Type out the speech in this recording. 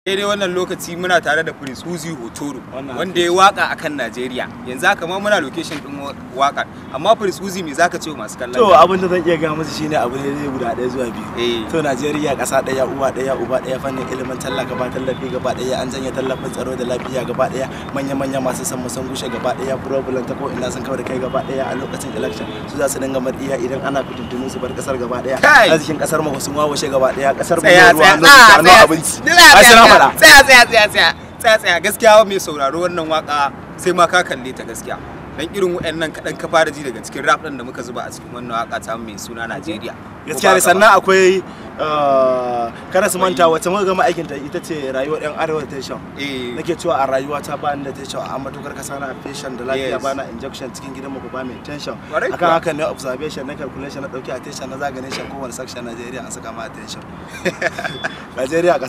daidai wannan lokaci muna tare da prince huzi hotoro wanda ya waka akan najeriya yanzu haka ma muna location din wakar amma prince huzi me zaka ce masu kallon to abin da zan iya ga musu shine abu ne guda ɗaya zuwa biyu eh. to najeriya ƙasa ɗaya uwa ɗaya uba ɗaya fannin ilimin talla gaba tallafi gaba ɗaya an janye tallafin tsaro da lafiya gaba ɗaya manya manya masu san sun gushe gaba ɗaya problem ta ko ina sun kawar kai gaba ɗaya a lokacin election su za su dinga mariya idan ana kudin su bar kasar gaba ɗaya arzikin kasar mu sun wawashe gaba ɗaya kasar mu ruwa ah, abinci kammala tsaya tsaya tsaya tsaya tsaya tsaya gaskiya mai sauraro wannan waka sai ma ka kalle ta gaskiya dan irin waɗannan kaɗan ka fara ji daga cikin rap ɗin da muka zuba a cikin wannan waka ta mai suna Najeriya. Gaskiya ne sannan akwai ah, kada su manta wata muka gama aikin ta ita ce rayuwar yan arewa tension. Eh. Nake cewa a rayuwa ta ba ni da tension a matukar kasa na patient da lafiya ba na injection cikin gidan mu ba mai tension. Akan haka ne observation na calculation na dauki attention na zaganin shan kowane section Najeriya an saka ma attention. Najeriya